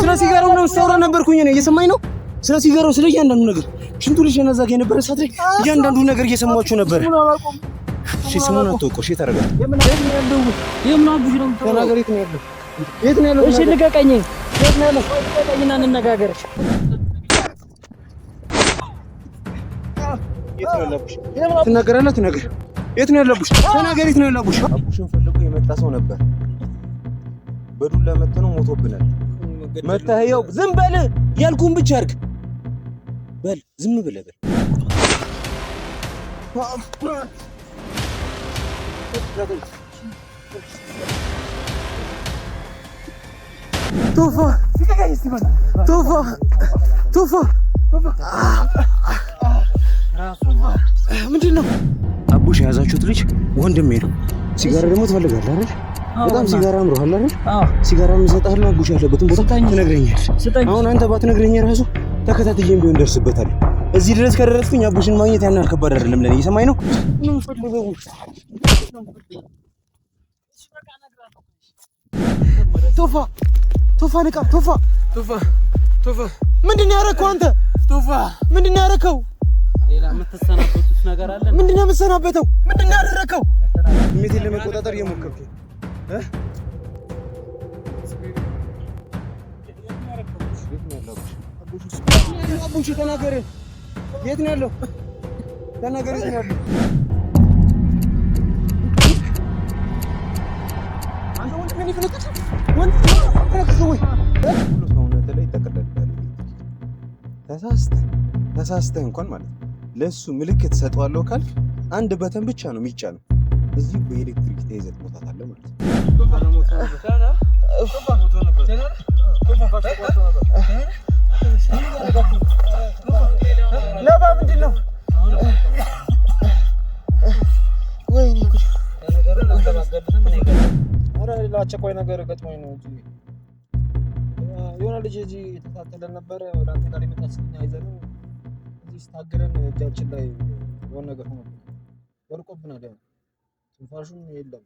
ስለ ሲጋራው ነው ስታወራ ነበርኩኝ እኔ እየሰማኝ ነው። ስለ ሲጋራው ስለ እያንዳንዱ ነገር ሽንቱ ልጅ ነዛ ጋር የነበረ ሳትሪ እያንዳንዱ ነገር እየሰማችሁ ነበረ። እሺ ስሙን አትወቀው። እሺ ተረጋጋ። የት ነው ያለብሽ? ተናገሪ። የት ነው ያለብሽ? አቡሽን ፈልጎ የመጣ ሰው ነበር። በዱላ መጥቶ ነው ሞቶብናል። መታየው ዝም በል ያልኩን ብቻ አድርግ። በል ዝም ብለህ በል ምንድን ነው? አቦሽ የያዛችሁት ልጅ ወንድሜ ነው። ሲጋራ ደግሞ ትፈልጋለህ አይደል? በጣም ሲጋራ አምሮሃል አይደል? ሲጋራ የምሰጥሃለሁ። አቦሽ ያለበትን ቦታ ትነግረኛለህ። አሁን አንተ ባትነግረኝ ራሱ ተከታትዬም ቢሆን ደርስበታለሁ። እዚህ ድረስ ከደረስኩኝ አቦሽን ማግኘት ያን ያህል አይደለም ለኔ። እየሰማኝ ነው። ቶፋ ቶፋ፣ ንቃ! ቶፋ ቶፋ ቶፋ፣ ምንድን ነው ያደረከው አንተ? ቶፋ ምንድን ነው ያደረከው? ሌላ የምትሰናበቱት ነገር አለ? ምንድን ነው የምትሰናበተው? ምንድን ነው ያደረከው? ስሜቴን ለመቆጣጠር እየሞከርኩ አቡሽ ተናገር፣ የት ነው ያለው? ተናገር፣ የት ነው ያለው? ተሳስተህ ተሳስተህ እንኳን ማለት ነው ለእሱ ምልክት ሰጠዋለሁ ካልክ አንድ በተን ብቻ ነው የሚጫነው። እዚህ በኤሌክትሪክ ተይዘህ ትሞታታለህ ማለት ነው። አስቸኳይ ነገር ገጥሞኝ ነው። የሆነ ልጅ እዚህ የተታተለ ነበረ ወደ አንተ ጋር እዚህ ታግረን እጃችን ላይ የሆነ ነገር ሆኖ ወድቆብናል። ያው ትንፋሹም የለም